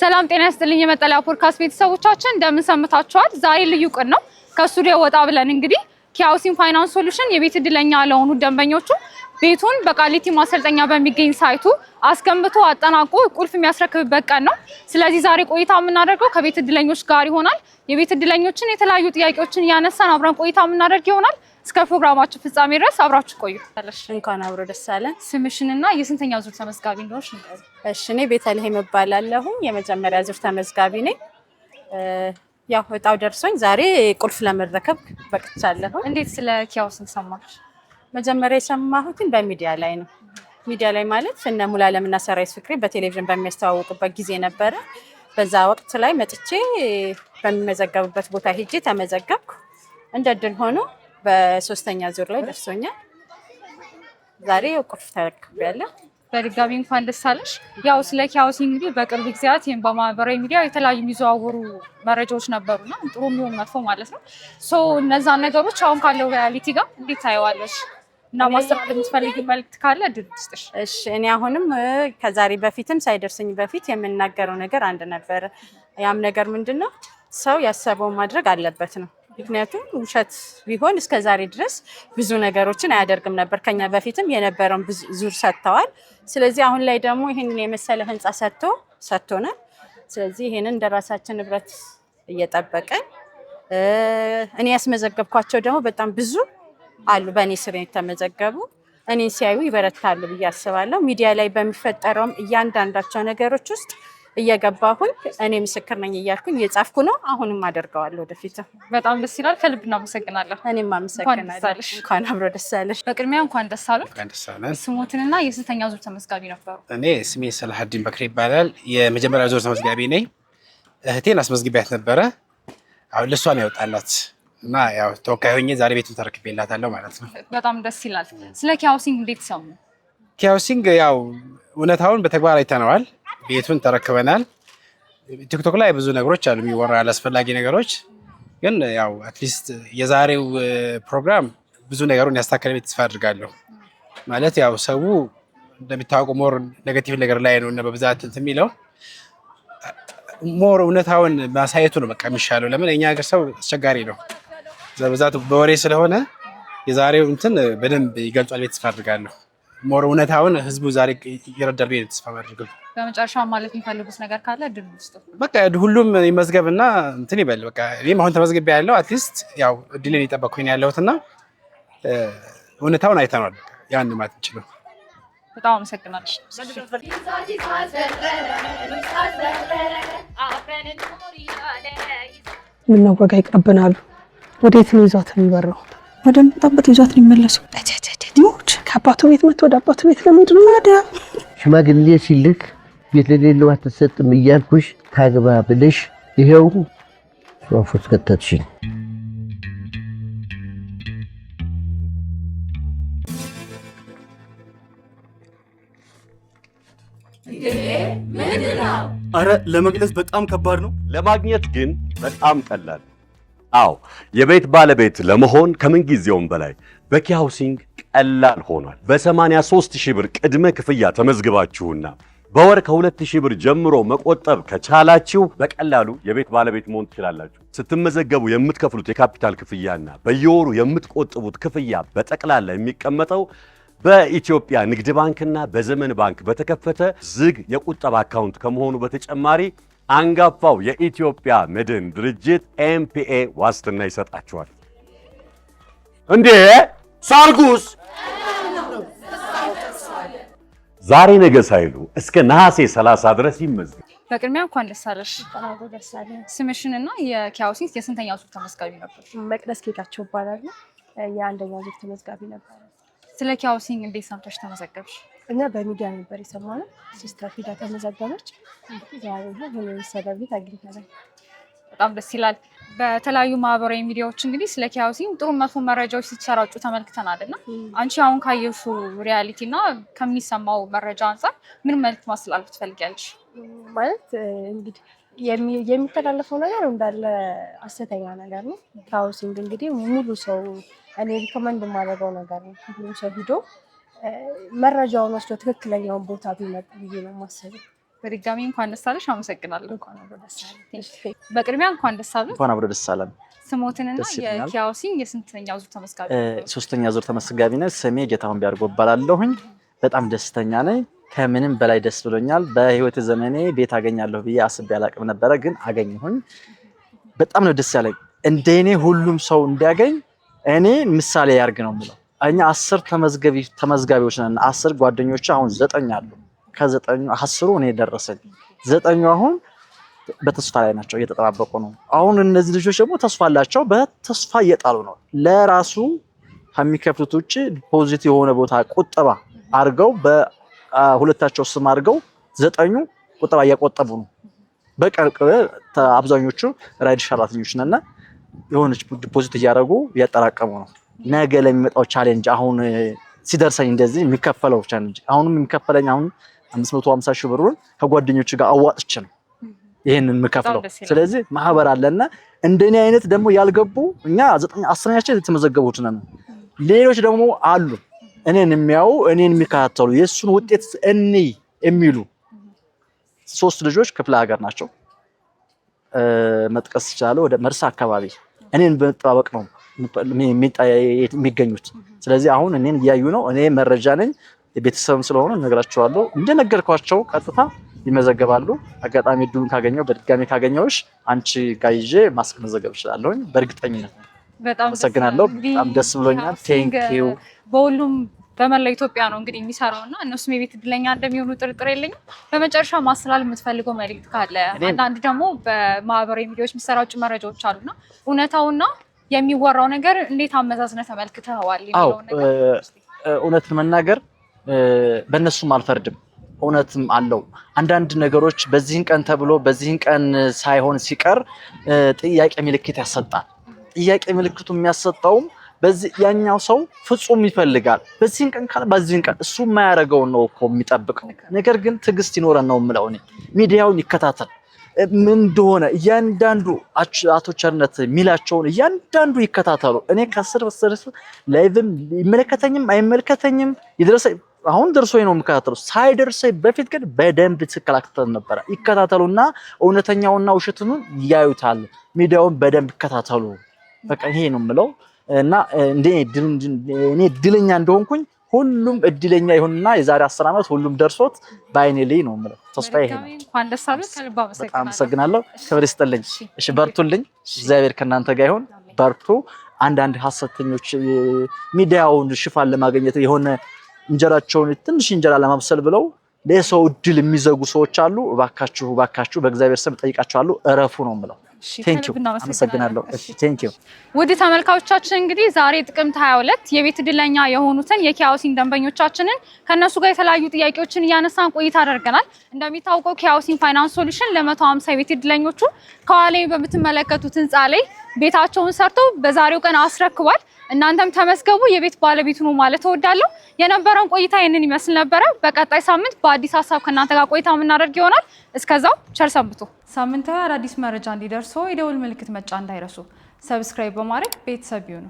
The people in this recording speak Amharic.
ሰላም ጤና ይስጥልኝ። የመጠለያ ፖድካስት ቤተሰቦቻችን እንደምን ሰምታችኋል? ዛሬ ልዩ ቀን ነው። ከስቱዲዮ ወጣ ብለን እንግዲህ ኪያውሲን ፋይናንስ ሶሉሽን የቤት እድለኛ ለሆኑ ደንበኞቹ ቤቱን በቃሊቲ ማሰልጠኛ በሚገኝ ሳይቱ አስገንብቶ አጠናቆ ቁልፍ የሚያስረክብበት ቀን ነው። ስለዚህ ዛሬ ቆይታ የምናደርገው ከቤት እድለኞች ጋር ይሆናል። የቤት እድለኞችን የተለያዩ ጥያቄዎችን እያነሳን አብረን ቆይታ የምናደርግ ይሆናል። እስከ ፕሮግራማችን ፍጻሜ ድረስ አብራችሁ ቆዩ። እንኳን አብሮ ደስ አለን። ስምሽንና የስንተኛ ዙር ተመዝጋቢ እንደሆንሽ ንገሪኝ። እሺ፣ እኔ ቤተልሔም እባላለሁኝ የመጀመሪያ ዙር ተመዝጋቢ ነኝ። ያው እጣው ደርሶኝ ዛሬ ቁልፍ ለመረከብ በቅቻለሁ። እንዴት ስለ ኪያውስን ሰማሽ? መጀመሪያ የሰማሁትን በሚዲያ ላይ ነው። ሚዲያ ላይ ማለት እነ ለምና ሰራዊት ፍቅሬ በቴሌቪዥን በሚያስተዋውቁበት ጊዜ ነበረ። በዛ ወቅት ላይ መጥቼ በሚመዘገቡበት ቦታ ሄጄ ተመዘገብኩ። እንደ ሆኖ በሶስተኛ ዙር ላይ ደርሶኛል። ዛሬ ያው ተረክቤያለሁ። በድጋሚ እንኳን ደስ አለሽ። ያው ስለ ኪያውሲ እንግዲህ በቅርብ ጊዜያት ይህም በማህበራዊ ሚዲያ የተለያዩ የሚዘዋወሩ መረጃዎች ነበሩና ጥሩ የሚሆን መጥፎ ማለት ነው። እነዛ ነገሮች አሁን ካለው ሪያሊቲ ጋር እንዴት ታየዋለሽ? እና ማስተማር የምትፈልጊ መልዕክት ካለ ድል እሺ እኔ አሁንም ከዛሬ በፊትም ሳይደርስኝ በፊት የምናገረው ነገር አንድ ነበር። ያም ነገር ምንድን ነው? ሰው ያሰበውን ማድረግ አለበት ነው ምክንያቱም ውሸት ቢሆን እስከ ዛሬ ድረስ ብዙ ነገሮችን አያደርግም ነበር። ከኛ በፊትም የነበረውን ዙር ሰጥተዋል። ስለዚህ አሁን ላይ ደግሞ ይህንን የመሰለ ህንፃ ሰጥቶ ሰጥቶናል። ስለዚህ ይህንን እንደ ራሳችን ንብረት እየጠበቀን እኔ ያስመዘገብኳቸው ደግሞ በጣም ብዙ አሉ በእኔ ስር የተመዘገቡ እኔን ሲያዩ ይበረታሉ ብዬ አስባለሁ። ሚዲያ ላይ በሚፈጠረውም እያንዳንዳቸው ነገሮች ውስጥ እየገባሁኝ እኔ ምስክር ነኝ እያልኩኝ እየጻፍኩ ነው። አሁንም አደርገዋለሁ ወደፊት። በጣም ደስ ይላል። ከልብ እናመሰግናለሁ። እኔም አመሰግናለሁ። እንኳን አብሮ ደስ ያለሽ። በቅድሚያ እንኳን ደስ አሉ። ስሞትንና የስንተኛ ዙር ተመዝጋቢ ነበሩ? እኔ ስሜ ሰላሀዲን በክር ይባላል። የመጀመሪያ ዙር ተመዝጋቢ ነኝ። እህቴን አስመዝግቢያት ነበረ። አሁን ለእሷ ነው ያወጣላት እና ያው ተወካይ ሆኜ ዛሬ ቤቱን ተረክቤላታለሁ ማለት ነው። በጣም ደስ ይላል። ስለ ኪ ሃውሲንግ እንዴት ሰሙ? ኪ ሃውሲንግ ያው እውነታውን በተግባር አይተነዋል። ቤቱን ተረክበናል። ቲክቶክ ላይ ብዙ ነገሮች አሉ የሚወራ ያላስፈላጊ ነገሮች፣ ግን ያው አትሊስት የዛሬው ፕሮግራም ብዙ ነገሩን ያስታከለ ቤት ተስፋ አድርጋለሁ። ማለት ያው ሰው እንደሚታወቁ ሞር ኔጋቲቭ ነገር ላይ ነው እና በብዛት እንትን የሚለው ሞር እውነታውን ማሳየቱ ነው በቃ የሚሻለው። ለምን እኛ ሀገር ሰው አስቸጋሪ ነው በብዛት በወሬ ስለሆነ የዛሬው እንትን በደንብ ይገልጿል ቤት ተስፋ አድርጋለሁ። ሞር እውነታውን ህዝቡ ዛሬ ይረዳል ብዬ ተስፋ ማድረግ። በመጨረሻ ማለት የሚፈልጉት ነገር ካለ ድል ውስጥ በቃ ሁሉም ይመዝገብና እንትን ይበል። በቃ እኔም አሁን ተመዝግቤ ያለው አትሊስት ያው እድልን ያለሁት ያለሁትና እውነታውን አይተነዋል። ያን ማት እንችለው። በጣም አመሰግናለሁ። ምነው ወጋ ይቀብናሉ። ወዴት ነው ይዟት የሚበረው? ወደመጣበት ይዟት ነው የሚመለሰው። ሞች ከአባቱ ቤት መጥቶ ወደ አባቱ ቤት ለመሄድ ነው። ወደ ሽማግሌ ሲልክ ቤት ለሌለው አትሰጥም እያልኩሽ ታግባ ብለሽ ይሄው ፎት ከተትሽኝ። አረ ለመግለጽ በጣም ከባድ ነው፣ ለማግኘት ግን በጣም ቀላል አዎ የቤት ባለቤት ለመሆን ከምንጊዜውም በላይ በኪ ሃውሲንግ ቀላል ሆኗል። በ83 ሺህ ብር ቅድመ ክፍያ ተመዝግባችሁና በወር ከ ሺህ ብር ጀምሮ መቆጠብ ከቻላችሁ በቀላሉ የቤት ባለቤት መሆን ትችላላችሁ። ስትመዘገቡ የምትከፍሉት የካፒታል ክፍያና በየወሩ የምትቆጥቡት ክፍያ በጠቅላላ የሚቀመጠው በኢትዮጵያ ንግድ ባንክና በዘመን ባንክ በተከፈተ ዝግ የቁጠባ አካውንት ከመሆኑ በተጨማሪ አንጋፋው የኢትዮጵያ መድን ድርጅት ኤምፒኤ ዋስትና ይሰጣችኋል። እንዴ ሳርጉስ ዛሬ ነገ ሳይሉ እስከ ነሐሴ 30 ድረስ ይመዝገብ። በቅድሚያ እንኳን ደስ አለሽ። እና የኪያውሲት የስንተኛው ዙር ተመዝጋቢ ነበር? መቅደስ ጌታቸው እባላለሁ። የአንደኛው ዙር ተመዝጋቢ ነበር። ስለ ኪያውሲንግ እንዴት ሰምተሽ ተመዘገብሽ? እና በሚዲያ ነበር የሰማነው። ሲስተር ፊዳ ተመዘገበች። ዛሬ አግኝተናል። በጣም ደስ ይላል። በተለያዩ ማህበራዊ ሚዲያዎች እንግዲህ ስለ ኪ ጥሩ መጥፎ መረጃዎች ሲሰራጩ ተመልክተናል እና አንቺ አሁን ካየሱ ሪያሊቲ እና ከሚሰማው መረጃ አንጻር ምን መልክት ማስተላለፍ ትፈልጊያለሽ? ማለት እንግዲህ የሚተላለፈው ነገር እንዳለ አሰተኛ ነገር ነው። ኪ እንግዲህ ሙሉ ሰው እኔ ሪኮመንድ የማደርገው ነገር ነው። ሁሉም ሰው ሂዶ መረጃውን ወስዶ ትክክለኛውን ቦታ ቢመጡ ብዬ ነው ማሰብ። በድጋሚ እንኳን ደስ አለሽ። አመሰግናለሁ። በቅድሚያ እንኳን ደስ አለ። እንኳን አብሮ ደስ አለን። ስሞትንና የኪያውሲን የስንተኛ ዙር ተመስጋቢ? ሶስተኛ ዙር ተመዝጋቢ ነኝ። ስሜ ጌታሁን ቢያድርጎ እባላለሁኝ። በጣም ደስተኛ ነኝ። ከምንም በላይ ደስ ብሎኛል። በህይወት ዘመኔ ቤት አገኛለሁ ብዬ አስቤ አላቅም ነበረ፣ ግን አገኘሁኝ። በጣም ነው ደስ ያለኝ። እንደኔ ሁሉም ሰው እንዲያገኝ እኔ ምሳሌ ያርግ ነው የምለው እኛ አስር ተመዝጋቢ ተመዝጋቢዎች ነን። አስር ጓደኞች አሁን ዘጠኝ አሉ። ከዘጠኙ አስሩ እኔ ደረሰኝ፣ ዘጠኙ አሁን በተስፋ ላይ ናቸው፣ እየተጠባበቁ ነው። አሁን እነዚህ ልጆች ደግሞ ተስፋ አላቸው፣ በተስፋ እየጣሉ ነው። ለራሱ ከሚከፍቱት ውጭ ዲፖዚት የሆነ ቦታ ቁጠባ አድርገው በሁለታቸው ስም አድርገው ዘጠኙ ቁጠባ እያቆጠቡ ነው። በቀርቅ አብዛኞቹ ራይድ ሻላተኞች ነና የሆነች ዲፖዚት እያደረጉ እያጠራቀሙ ነው። ነገ ለሚመጣው ቻሌንጅ አሁን ሲደርሰኝ እንደዚህ የሚከፈለው ቻሌንጅ አሁንም የሚከፈለኝ አሁን አምስት ሺህ ብሩን ከጓደኞች ጋር አዋጥች ነው ይህንን የምከፍለው። ስለዚህ ማህበር አለና እንደኔ አይነት ደግሞ ያልገቡ እኛ ዘጠኝ የተመዘገቡት ነን። ሌሎች ደግሞ አሉ እኔን የሚያዩ እኔን የሚከታተሉ የእሱን ውጤት እኔ የሚሉ ሶስት ልጆች ክፍለ ሀገር ናቸው። መጥቀስ ይችላል። ወደ መርሳ አካባቢ እኔን በመጠባበቅ ነው የሚገኙት። ስለዚህ አሁን እኔን እያዩ ነው። እኔ መረጃ ነኝ፣ ቤተሰብም ስለሆኑ እነግራቸዋለሁ። እንደነገርኳቸው ቀጥታ ይመዘገባሉ። አጋጣሚ እድሉን ካገኘው በድጋሚ ካገኘውሽ አንቺ ጋር ይዤ መዘገብ እችላለሁኝ በእርግጠኝነት። በጣም አመሰግናለሁ። በጣም ደስ ብሎኛል። ቴንኪዩ። በሁሉም በመላ ኢትዮጵያ ነው እንግዲህ የሚሰራው እና እነሱም የቤት እድለኛ እንደሚሆኑ ጥርጥር የለኝም። በመጨረሻ ማስላል የምትፈልገው መልዕክት ካለ፣ አንዳንድ ደግሞ በማህበራዊ ሚዲያዎች የሚሰራጩ መረጃዎች አሉና እውነታውና የሚወራው ነገር እንዴት አመዛዝነ ተመልክተዋል? እውነትን መናገር በእነሱም አልፈርድም። እውነትም አለው አንዳንድ ነገሮች በዚህን ቀን ተብሎ በዚህን ቀን ሳይሆን ሲቀር ጥያቄ ምልክት ያሰጣል። ጥያቄ ምልክቱ የሚያሰጠውም በዚህ ያኛው ሰው ፍጹም ይፈልጋል። በዚህን ቀን ካለ በዚህን ቀን እሱ የማያደርገውን ነው እኮ የሚጠብቀው። ነገር ግን ትዕግስት ይኖረን ነው የምለው እኔ ሚዲያውን ይከታተል ምን እንደሆነ እያንዳንዱ አቶ ቸርነት የሚላቸውን እያንዳንዱ ይከታተሉ። እኔ ከስር ስር ላይቭም ይመለከተኝም አይመለከተኝም የደረሰ አሁን ደርሶ ነው የምከታተሉ። ሳይደርሰኝ በፊት ግን በደንብ ስከታተል ነበረ። ይከታተሉና እውነተኛውና ውሸቱን ያዩታል። ሚዲያውን በደንብ ይከታተሉ። በቃ ይሄ ነው የምለው። እና እኔ እድለኛ እንደሆንኩኝ ሁሉም እድለኛ ይሁንና የዛሬ አስር ዓመት ሁሉም ደርሶት በአይኔ ላይ ነው የምለው። ተስፋ ይሄ ነው። አመሰግናለሁ። ክብር ይስጥልኝ። እሺ በርቱልኝ። እግዚአብሔር ከእናንተ ጋር ይሁን። በርቱ። አንዳንድ ሀሰተኞች ሚዲያውን ሽፋን ለማግኘት የሆነ እንጀራቸውን ትንሽ እንጀራ ለማብሰል ብለው ለሰው እድል የሚዘጉ ሰዎች አሉ። እባካችሁ እባካችሁ በእግዚአብሔር ስም እጠይቃችኋለሁ፣ እረፉ ነው የምለው። ቴንኪው አመሰግናለሁ። ውድ ተመልካዮቻችን እንግዲህ ዛሬ ጥቅምት 22 የቤት እድለኛ የሆኑትን የኪያውሲን ደንበኞቻችንን ከእነሱ ጋር የተለያዩ ጥያቄዎችን እያነሳን ቆይታ አደርገናል። እንደሚታወቀው ኪያውሲን ፋይናንስ ሶሉሽን ለ150 የቤት እድለኞቹ ከኋላ በምትመለከቱት ህንፃ ላይ ቤታቸውን ሰርቶ በዛሬው ቀን አስረክቧል። እናንተም ተመዝገቡ፣ የቤት ባለቤቱ ነው ማለት እወዳለሁ። የነበረውን ቆይታ ይህንን ይመስል ነበረ። በቀጣይ ሳምንት በአዲስ ሀሳብ ከእናንተ ጋር ቆይታ የምናደርግ ይሆናል። እስከዛው ቸር ሰንብቱ። ሳምንታዊ አዳዲስ መረጃ እንዲደርሶ የደውል ምልክት መጫ እንዳይረሱ ሰብስክራይብ በማድረግ ቤተሰብ ይሁኑ።